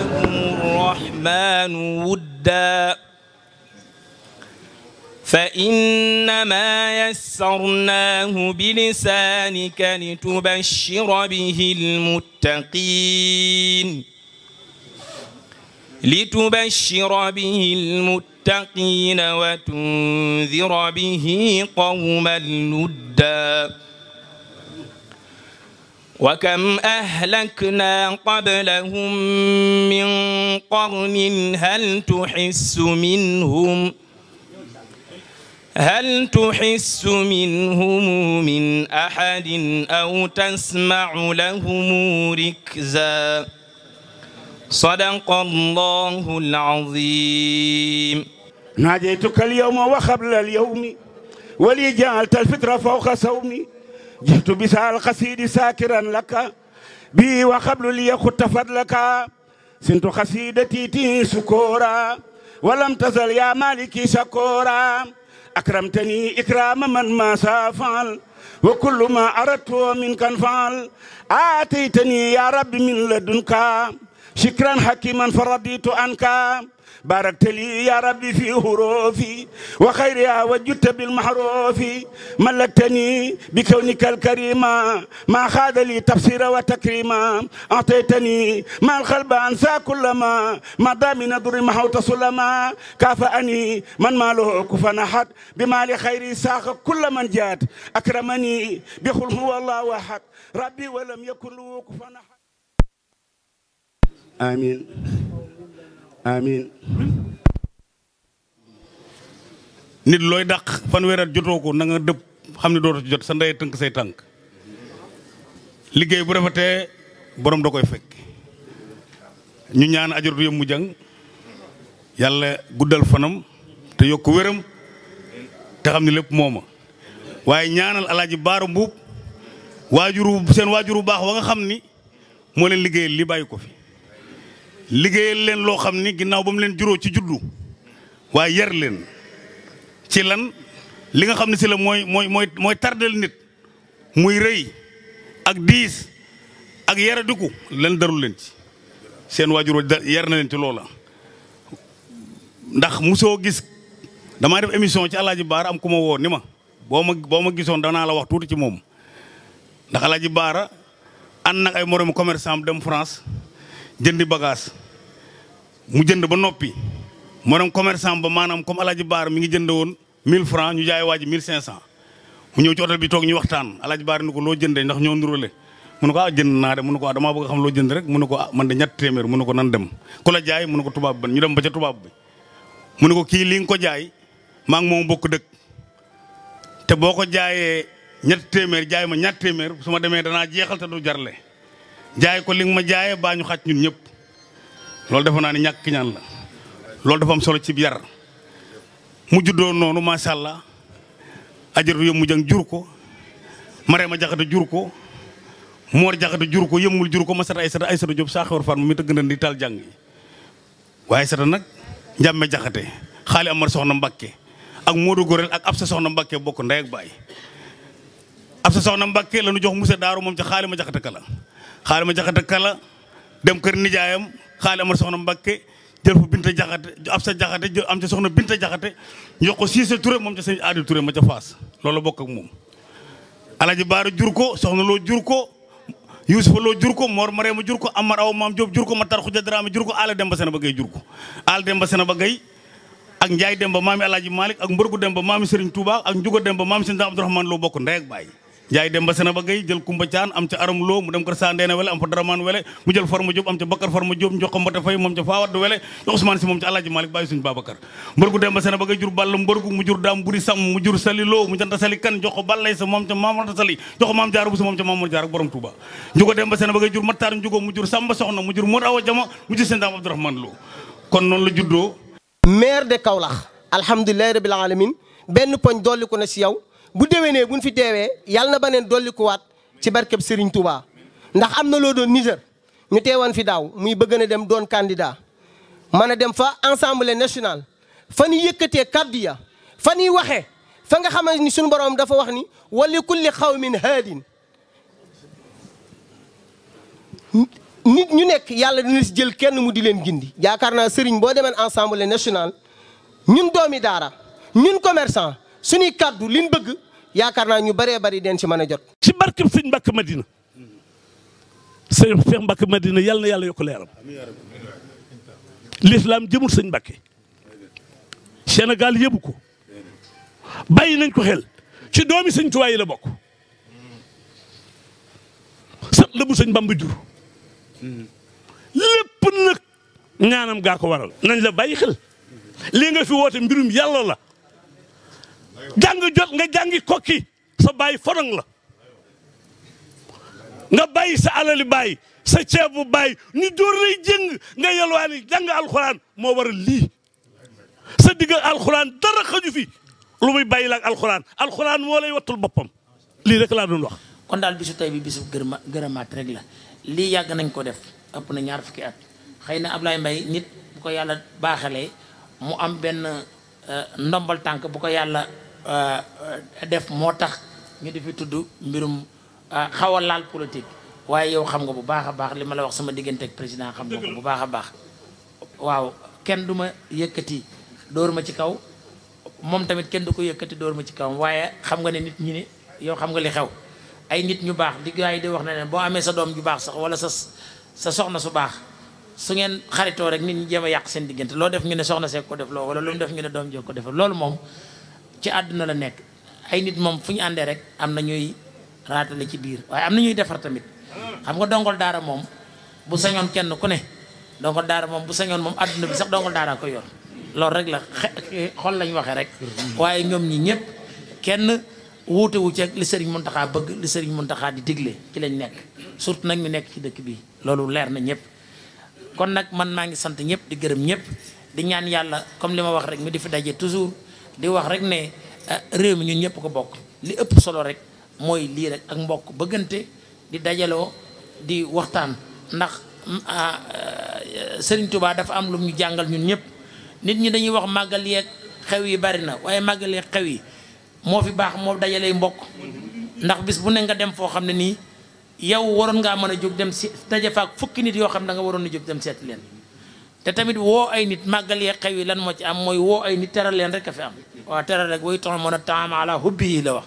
لهم الرحمن ودا فإنما يسرناه بلسانك لتبشر به المتقين لتبشر به المتقين وتنذر به قوما لُدًّا وكم أهلكنا قبلهم من قرن هل تحس منهم هل تحس منهم من أحد أو تسمع لهم ركزا صدق الله العظيم ناديتك اليوم وقبل اليوم ولي جعلت الفطر فوق صومي جئت بسعى القصيد ساكرا لك بي وقبل ليخت فضلك سنت قصيدتي تي سكورا ولم تزل يا مالكي شكورا أكرمتني إكرام من ما سافعل وكل ما أردت منك انفعل آتيتني يا رب من لدنك شكرا حكيما فرضيت عنك باركت لي يا ربي في حروفي وخيرها وجدت بالمحروف ملكتني بكونك الكريم ما خاد لي تفسير وتكريما أعطيتني ما الخلب أنسى كلما ما دام نظر محوت سلما كافأني من ماله كفن أحد بمال خيري ساق كل من جات أكرمني بقل هو الله أحد ربي ولم يكن له كفن أحد آمين amiin nit looy dàq fanweer at jotoo ko nanga nga dëpp xam ne dootoo ci jot sa ndey tënk say tànk liggéey bu rafetee boroom da koy fekk ñu ñaan ajoratu yëpp mu jàng yàlla guddal fanam te yokk wéram te xam ne lépp mooma waaye ñaanal alaaji baara mbuub waajuru waajur waajuru baax wa nga xam ni moo leen liggéeyal li bàyyi ko fi liggéeyal leen loo xam ni ginnaaw ba mu leen juróo ci juddu waaye yar leen ci lan li nga xam ne si la mooy mooy mooy mooy tardel nit muy rëy ak diis ak yaradiku leen daru leen ci seen waajuroo yar na leen ci loola ndax musoo gis damaa def émission ci Alaaji Baara am ku ma woo ni ma boo ma boo ma gisoon danaa la wax tuuti ci moom ndax Alaaji Baara ànd nag ay moromu commerçant dem France jëndi bagage mu jënd ba noppi maanaam commerçant ba maanaam comme Alaaji Baar mi ngi jënd woon 1000 francs ñu jaay waa ji 1500 mu ñëw ci hôtel bi toog ñu waxtaan Alaaji Baar ni ko loo jëndee ndax ñoo nurale mu ne ko ah jënd naa de mu ne ko ah damaa bëgg xam loo jënd rek mu ne ko ah man de ñett téeméer mu ne ko nan dem ku la jaay mu ne ko tubaab bi ñu dem ba ca tubaab bi mu ne ko kii lii nga ko jaay maa ngi moom bokk dëkk te boo ko jaayee ñett téeméer jaay ma ñett téeméer su ma demee danaa jeexal te du jarle jaay ko li ma jaayee baa ñu xaj ñun ñëpp loolu defe naa ne ñàkk ñaan la loolu dafa solo ci yar mu juddoo noonu macha allah ajaratu mu jang jur ko ma Jaxate jur ko Moor Jaxate jur ko yëmmul jur ko Masata ay Aysata Jóob saa xewar fan mi tëgg na di taal jàng yi waaye Aysata nag njàmme Jaxate xaali Amar soxna Mbàkke ak Modou Gorel ak Absa soxna Mbàkke bokk ndey ak baay Absa soxna Mbàkke la nu jox Musa Daaru moom ca xaali ma Jaxate la xaal ma jaxate kala dem kër nijaayam xaali amar soxna Mbakke jël fa binta jaxate ab sa jaxate jël am ca soxna binta jaxate ñu jox ko Siise Ture moom ca sëñ Aadi Ture ma ca Faas loolu bokk ak moom alaji baara jur ko soxna loo jur ko Yuusufa loo jur ko Mor Mareema jur ko Amar Aw Maam Joob jur ko Matar Xuja Daraame jur ko Aala Demba Sena ba Gay a ko Aala Demba Sena ba Gay ak Njaay Demba maami Alaaji Maalik ak Mbërgu Demba maami Sëriñ Tuubaa ak Njuga Demba maami Sëriñ Abdurahmaan loo bokk ndey ak baay jaay dem ba sena ba gay jël Kumba Caan am ca aram loo mu dem kër saa ndeena wele am fa daramaan wele mu jël Farma Diop am ca Bakar Farma Diop jox Mbata Fay moom ca Fawad wele jox Ousmane si moom ca Alaaji Malik bàyyi suñu Babacar mbërgu dem ba sena ba gay jur Balla mbërgu mu jur Daam Buri Sam mu jur Sali Loo mu janta Sali Kan jox Ballay sa moom ca Mamadou Sali jox ko moom ca Mamadou Jaar ak borom Touba njugo dem ba gay jur Mattaar njugo na si bu bu buñ fi deewee yàlla na baneen dolli kuwaat ci barkeb Serigne Touba ndax am na loo doon Niger ñu teewoon fi daaw muy bëgg na dem doon candidat mën a dem fa Assemblée national fa ñu yëkkatee kàddu ya fa ñuy waxee fa nga xamante ni suñu borom dafa wax ni wali kulli xawmin haadin nit ñu nekk yàlla dina si jël kenn mu di leen gindi yaakaar naa Serigne boo demeen Assemblée national ñun doomi daara ñun commerçant suñuy kàddu liñ bëgg yaakaar naa ñu bëree bëri den ci mën a jot. ci barkeb sëñ Mbàkke Madina sëñ Cheikh Mbàkke Madina yal na yàlla yokk leeram lislaam jëmul sëñ Mbàkke Sénégal yëbu ko bàyyi nañ ko xel ci doomi sëñ Tuubaa la bokk sët la bu sëñ Bamba jur lépp nag ñaanam gaa ko waral nañ la bàyyi xel lii nga fi woote mbirum yàlla la. jàng jot nga jàngi kokki sa baay forong la nga bàyyi sa alali baay sa ceebu baay ñu dóor lay jëng nga yelwaani jàng alxuraan moo waral lii sa digg alxuraan dara xaju fi lu muy bàyyi la ak alxuraan alxuraan moo lay wattul boppam lii rek laa doon wax. kon daal bisu tey bi bisu gërëma gërëmaat rek la lii yàgg nañ ko def ëpp na ñaar fukki at xëy na ab lay Mbaye nit bu ko yàlla baaxalee mu am benn euh, ndombal tànk bu ko yàlla. Euh, def moo tax ñu di fi tudd mbirum euh, xaw a laal politique waaye yow xam nga bu baax a baax li ma la wax sama diggante président xam nga ko bu baax a baax waaw kenn du ma yëkkati dóor ma ci kaw moom tamit kenn du ko yëkkati dóor ma ci kaw waaye xam nga ne nit ñi ne yow xam nga li xew ay nit ñu baax di gars yi di wax ne ne boo amee sa doom ju baax sax wala sa sa soxna su baax su ngeen xaritoo rek nit ñi jéem a yàq seen diggante loo def ñu ne soxna see ko def wala lu def ñu ne doom joo ko def loolu moom ci àdduna la nekk ay nit moom fu ñu àndee rek am na ñuy raatale ci biir waaye am na ñuy defar tamit xam nga dongal daara moom bu sañoon kenn ku ne dongal daara moom bu sañoon moom àdduna bi sax dongal daara ko yor loolu rek la xol lañ waxee rek waaye ñoom ñi ñëpp kenn wuute wu ci li Serigne Mountakha bëgg li Serigne Mountakha di digle ci lañ nekk surtout nag ñu nekk ci dëkk bi loolu leer na ñëpp kon nag man naa ngi sant ñëpp di gërëm ñëpp di ñaan yàlla comme li ma wax rek mi di wax rek ne ah, réew mi ñun ñëpp ko bokk li ëpp solo rek mooy lii rek ak mbokk bëggante di dajaloo di waxtaan ndax mm, ah, eh, Sëriñ Tuubaa dafa am lu ñu jàngal ñun ñëpp nit ñi dañuy wax màggal yeeg xew yi bari na waaye màggal yeeg xew yi moo fi baax moo dajalee mbokk ndax bis bu ne nga dem foo xam ne nii yow waroon ngaa mën a jóg dem si daje fa ak fukki nit yoo xam ne da nga waroon a jóg dem seet leen te tamit woo ay nit màggal yee xew yi lan moo ci am mooy woo ay nit teral leen rek a fi am waa teral rek way toxal mën a taam ala hubbihi la wax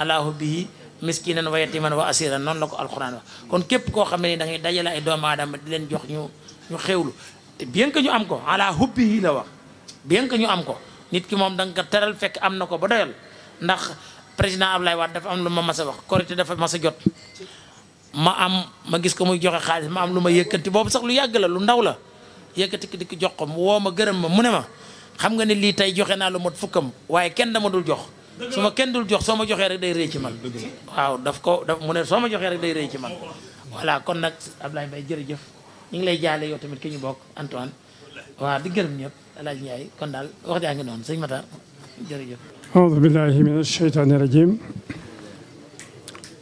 ala hubbihi miskinan wa yatiman wa asiran noonu la ko alxuraan wax kon képp ko xam ne da ngay dajale ay doomu di leen jox ñu ñu xewlu te bien que ñu am ko ala hubbihi la wax bien que ñu am ko nit ki moom danga ko teral fekk am na ko ba doyal ndax président Ablaye Wade dafa am lu ma mas a wax korité dafa mas a jot ma am ma gis ko muy joxe xaalis ma am lu ma yëkkanti boobu sax lu yàgg la lu ndaw la yëkkati ki dikk jox ko mu woo ma gërëm ma mu ne ma xam nga ne lii tey joxe naa lu mot fukkam waaye kenn dama dul jox su ma kenn dul jox soo ma joxee rek day rëy ci man waaw daf ko daf mu ne soo ma joxee rek day rëy ci man voilà kon nag Ablaye Mbaye jërëjëf ñu ngi lay jaale yow tamit ki ñu bokk Antoine waaw di gërëm ñëpp El Hadj Ndiaye kon daal wax jaa ngi noonu sëñ Matar jërëjëf aoudu billahi min asheytaani rajim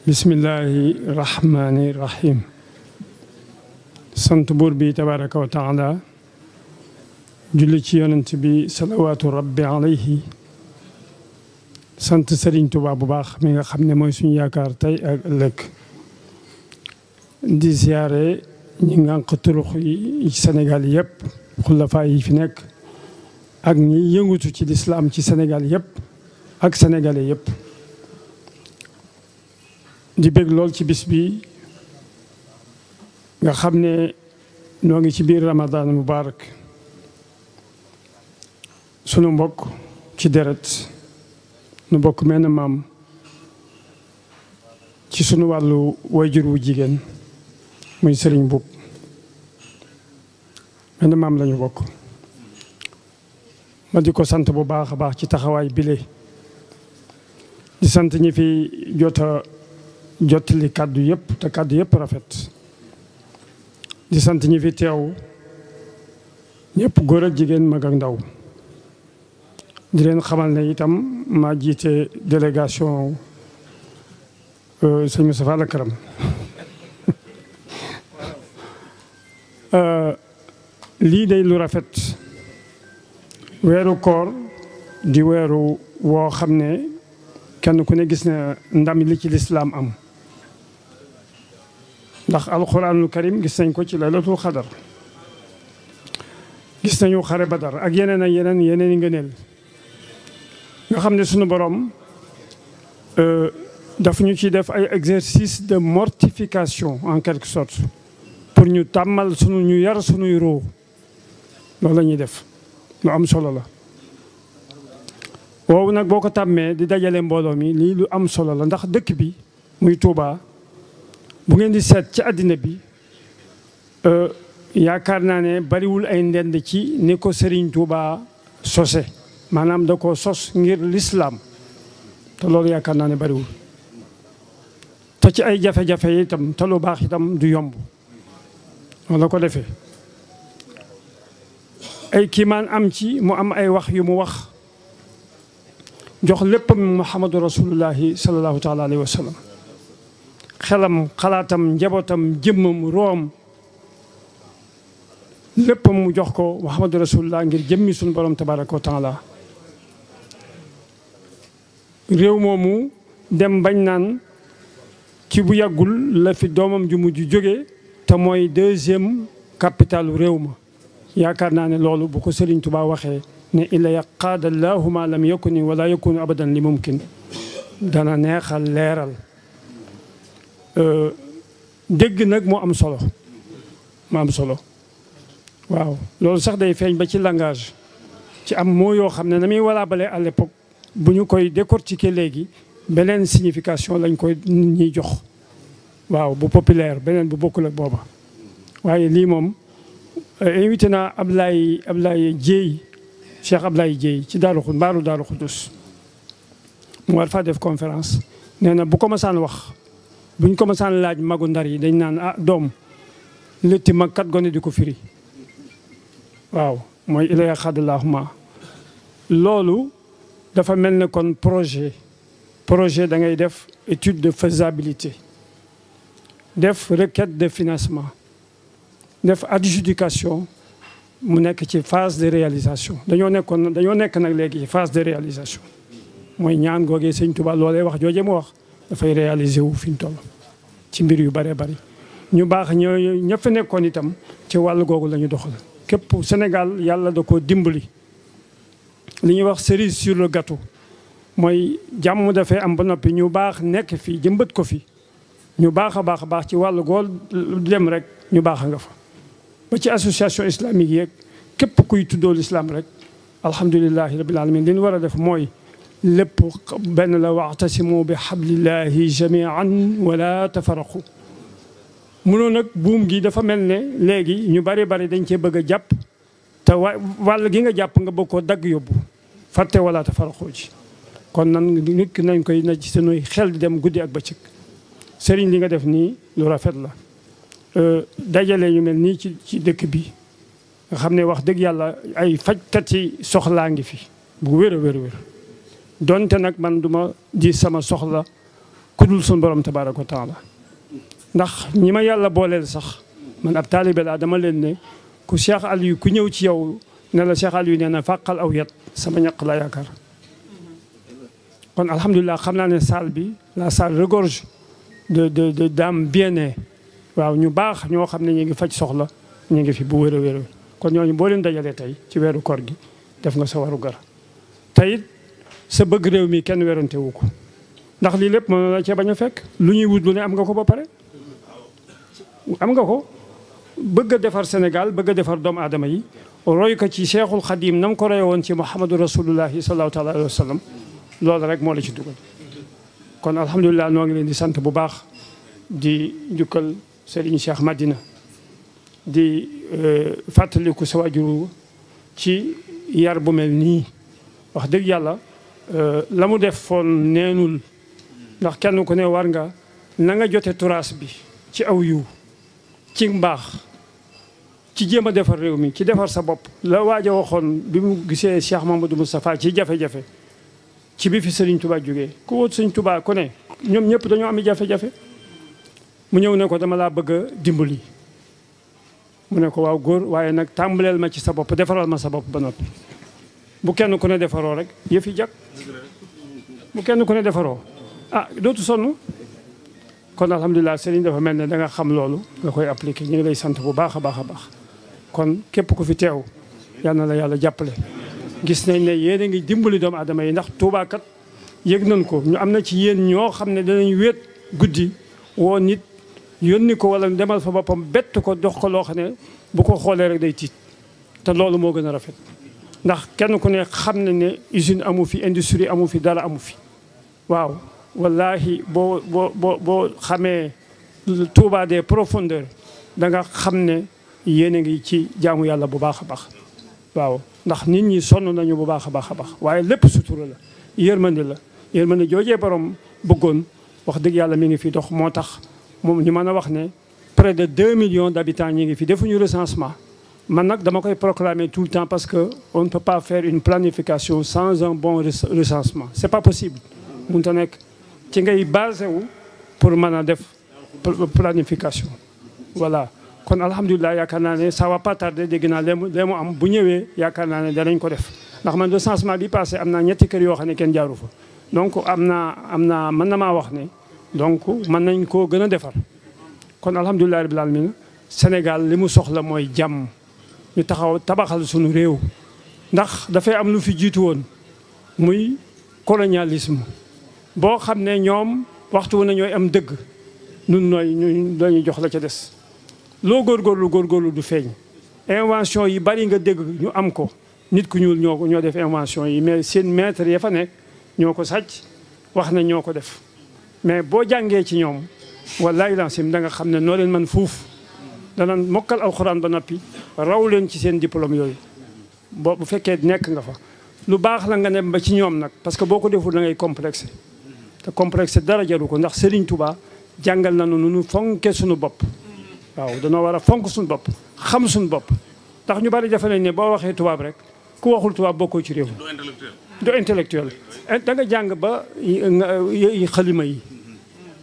bismillahi rahmani sant buur bi tabaraka wa taala julli ci yonent bi salawaatu rabbi alayhi sant Sëriñ Tuubaa bu baax mi nga xam ne mooy suñu yaakaar tey ak ëllëg di siyaare ñi ngànq turux senegal Sénégal yëpp xulafaa yi fi nekk ak ñi yëngutu ci lislaam ci senegal yëpp ak sénégalais yëpp di bég lool ci bis bi nga xam ne noo ngi ci biir ramadaan ramadan mubarak sunu mbokk ci deret nu bokk menn maam ci sunu wàllu wayjur wu jigéen muy sëriñ buub menn maam lañu bokk ma di ko sant bu baax a baax ci taxawaay bile di sant ñi fi jota jottali kàddu yëpp te kàddu yëpp rafet di sant ñi fi teew ñépp góor ak jigéen mag ndaw di leen xamal ne itam maa jiite délégation euh, sëñ Moustapha Al Karam euh, lii day lu rafet weeru koor di weeru woo xam ne kenn ku ne gis na ndam li ci lislaam am ndax alquranul karim gis nañ ko ci laylatul xadar gis nañu xare ba badar ak yeneen ak yeneen yeneen yi ngëneel nga xam ne sunu borom euh, daf ñu ci def ay exercice de mortification en quelque sorte pour ñu tàmmal sunu ñu yar sunuy roo loolu la ñuy def lu am solo la woowu nag boo ko tàmmee di dajale mbooloo mi lii lu am solo la ndax dëkk bi muy Tuubaa bu ngeen di seet ci àddina bi euh, yaakaar naa ne bariwul ay ndend ci ni ko Serigne Touba sose maanaam da ko sos ngir lislaam te loolu yaakaar naa ne bariwul te ci ay jafe-jafe itam te lu baax itam du yomb la ko defee ay kiimaan am ci mu am ay wax yu mu wax jox léppam Muhammadu rasulullahi sallallahu taala alayhi wa sallam xelam xalaatam njabootam jëmmam room léppam mu jox ko Muhammadu Rasulullah ngir jëmmi suñu borom tabaraka wa taala réew moomu dem bañ naan ci bu yàggul la fi doomam ju mujj jóge te mooy deuxième capitale réew ma yaakaar naa ne loolu bu ko Sëriñ Tuubaa waxee ne illa yaqaadallaahu ma lam yakuni wala yakunu abadan li mumkin dana neexal leeral Euh, dégg nag moo am solo mu am solo waaw loolu sax day feeñ ba ci langage ci am moo yoo xam ne na muy bale à l'époque bu ñu koy décortiquer léegi beneen signification lañ koy nit ñiy jox waaw bu populaire beneen bu bokkul ak booba waaye lii moom euh, invité naa Ablaye Ablaye Dieye Cheikh Ablaye Dieye ci Daaru Xud mbaaru Daaru Xudus mu war faa def conférence nee bu ko masaan wax buñ ko masaan laaj magu ndar yi dañ naan ah doom létti mag kat gone di ko firi waaw mooy ilaya xadalaahuma loolu dafa mel ne kon projet projet da ngay def étude de faisabilité def requête de financement def adjudication mu nekk ci phase de réalisation dañoo nekkoon dañoo nekk nag léegi phase de réalisation mooy ñaan googee sëñ Tuubaa loolee wax jooje mu wax dafay réaliser wu fi ñu ci mbir yu bëree bëri ñu baax ñoo ña fa nekkoon itam ci wàll googu la ñu doxal képp Sénégal yàlla da ko dimbali li ñuy wax cerise sur le gâteau mooy jàmm dafay am ba noppi ñu baax nekk fii jëmbat ko fi ñu baax a baax a baax ci wàll gool dem rek ñu baax nga fa ba ci association islamique yeeg képp kuy tuddoo l'islam rek alhamdulilahi rabil alamin li ñu war a def mooy lépp benn la waxtasimu bi xablillahi jamian wala tafaraxu munoo nag buum gi dafa mel ne léegi ñu bari bari dañ cee bëgg a jàpp te wa wàll gi nga jàpp nga bëgg koo dagg yóbbu fàtte wala tafaraxu ci kon nan nit ki nañ koy na ci sunuy xel di dem guddi ak bëccëg sëriñ li nga def nii lu rafet la euh, dajale ñu mel nii ci ci dëkk bi nga xam ne wax dëgg yàlla ay fajkat yi soxlaa ngi fi bu wér a wér wér donte nag man duma ma ji sama soxla ku dul suñu borom tabaaraka wa taala ndax ñi ma yàlla booleel sax man ab taalibe laa dama leen ne ku Cheikh Aliou ku ñëw ci yow ne la Cheikh Aliou nee fàqal aw yat sama ñaq la yaakaar kon alhamdulilah xam naa ne salle bi la salle regorge de de waaw ñu baax ñoo xam ne ñu ngi faj soxla ñu ngi fi bu wér a wér kon ñooñu boo leen dajalee tey ci weeru koor gi def nga sa waru gar sa bëgg réew mi kenn werante wu ko ndax lii lépp mën na cee bañ a fekk lu ñuy wut lu ne am nga ko ba pare am nga ko bëgg a defar senegal bëgg a defar doomu aadama yi roy ko ci Cheikhul Khadim na ko roye woon ci Muhammadu Rasulullahi sallallahu taala alayhi wa sallam loolu rek moo la ci dugal kon alhamdulilah noo ngi leen di sant bu baax di jukkal Serigne Cheikh Madina di euh, fàttaliku sa waajur ci yar bu mel nii wax dëgg yàlla Euh, la mu def foon neenul ndax kenn ku ne war nga na nga jote turaas bi ci aw yiw ci mbaax ci jéem a defar réew mi ci defar sa bopp la waaj a waxoon bi mu gisee Cheikh Mamadou Moustapha ci jafe-jafe ci bi fi Sëriñ Tuubaa jógee ku wóot sëñ Tuubaa ku ne ñoom ñëpp dañoo am jafe-jafe mu ñëw ne ko dama laa bëgg a dimbali mu ne ko waaw góor waaye nag tàmbaleel ma ci sa bopp defaral ma sa bopp ba noppi bu kenn ku ne defaroo rek yëf jag bu kenn ku ne defaroo ah dootu sonn kon alhamdulilah sëriñ dafa mel ne danga xam loolu nga koy appliqué ñu ngi lay sant bu baax a baax a baax kon képp ku fi teew yal na la yàlla jàppale gis nañ ne yéen a ngi dimbali doomu aadama yi ndax tuubaakat yëg nañ ko ñu am na ci yéen ñoo xam ne danañ wéet guddi woo nit yónni ko wala demal fa boppam bett ko dox ko loo xam ne bu ko xoolee rek day tiit te loolu moo gën a rafet ndax kenn ku ne xam na ne usine amu fi industrie amu fi dara amu fi waaw wallahi boo boo boo boo xamee Touba des profondeurs da nga xam ne yéen a ngi ci jaamu yàlla bu baax a baax waaw ndax nit ñi sonn nañu bu baax a baax a baax waaye lépp sutura la yërmande la yërmande joojee borom bëggoon wax dëgg yàlla mi ngi fi dox moo tax moom ñu mën a wax ne près de deux millions d' habitants ñi ngi fi defuñu recensement man nag dama koy proclamer tout le temps parce que on ne peut pas faire une planification sans un bon recensement c'est pas possible mënu ta nekk ci ngay basé wu pour mën a def planification voilà kon alhamdulilah yaakaar naa ne ça va pas tarder dégg naa lee mu am bu ñëwee yaakaar naa ne danañ ko def ndax man recensement bi passé am naa ñetti kër yoo xam ne kenn jaaru fa donc am naa am naa man na maa wax ne donc mën nañ koo gën a defar kon alhamdulilah rabbil alamin Sénégal li mu soxla mooy jàmm ñu taxaw tabaxal suñu réew ndax dafay am lu fi jiitu woon muy colonialisme boo xam ne ñoom waxtu wu ne ñooy am dëgg nun nooy ñu dañuy jox la ca des loo góor góorgóorlu góorgóorlu du feeñ invention yi bari nga dëgg ñu am ko nit ku ñuul ñoo ñoo def invention yi mais seen maître ya fa nekk ñoo ko sàcc wax na ñoo ko def mais boo jàngee ci ñoom wallaay lansim da nga xam ne noo leen man fuuf danan mokkal alxuraan ba noppi raw leen ci seen diplôme yooyu boo bu fekkee nekk nga fa lu baax la nga dem ba ci ñoom nag parce que boo ko deful da ngay complexe te complexe dara jaru ko ndax Serigne Touba jàngal na nu nu fonke suñu bopp waaw danoo war a fonk suñu bopp xam suñu bopp ndax ñu bari defe nañ ne boo waxee tubaab rek ku waxul tubaab bokkoo ci réew do intellectuel eh, da nga jàng ba xalima yi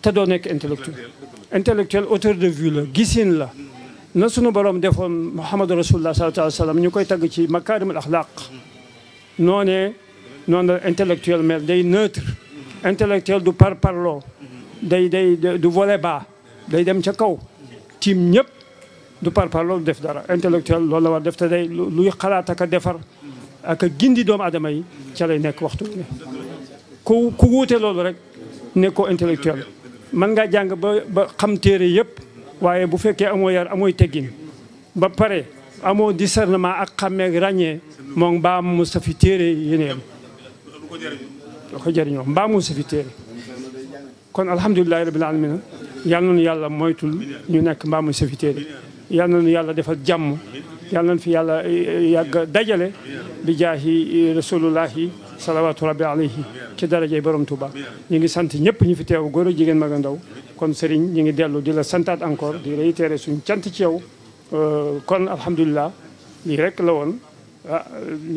te doo nekk intellectuel intellectuel hauteur de vue la gisin la na sunu borom defoon muhammadu rasulullah sallallahu alayhi wa sallam ñu koy tagg ci makaarimul axlaaq noonee noonu la intellectuel mel day neutre intellectuel du par parloo day day du volet bas day dem ca kaw tiim ñëpp du par parloo du def dara intellectuel loolu la war def te day luy xalaat ak a defar ak a gindi doomu aadama yi ca lay nekk waxtu ne ku ku wuute loolu rek nekkoo intellectuel mën ngaa jàng ba ba xam téere yëpp waaye bu fekkee amoo yar amooy teggin ba pare amoo discernement ak xàmmeeg ràññee moom mbaam mu sa fi téere yeneen da ko jëriñoo mbaam mu sa fi téere kon alhamdulilahi rabbil alamin yal nañu yàlla moytul ñu nekk mbaam mu sa fi téere yal nañu yàlla defal jàmm yal nañu fi yàlla eh, eh, yàgg dajale bi jaahi eh, rasulullahi salawaatu rabbi alayhi ci darajey borom tuba ñu ngi sant ñëpp ñu fi teew góor a jigéen mag ndaw kon Serigne ñu ngi dellu di la santaat encore di réitéré suñ cant ci yow euh, kon alhamdulilah lii rek la woon ah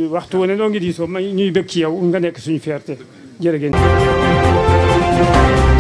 waxtu wane noo ngi diisoo ma ñuy bëgg ci yow nga nekk suñu fierté jërë ngeen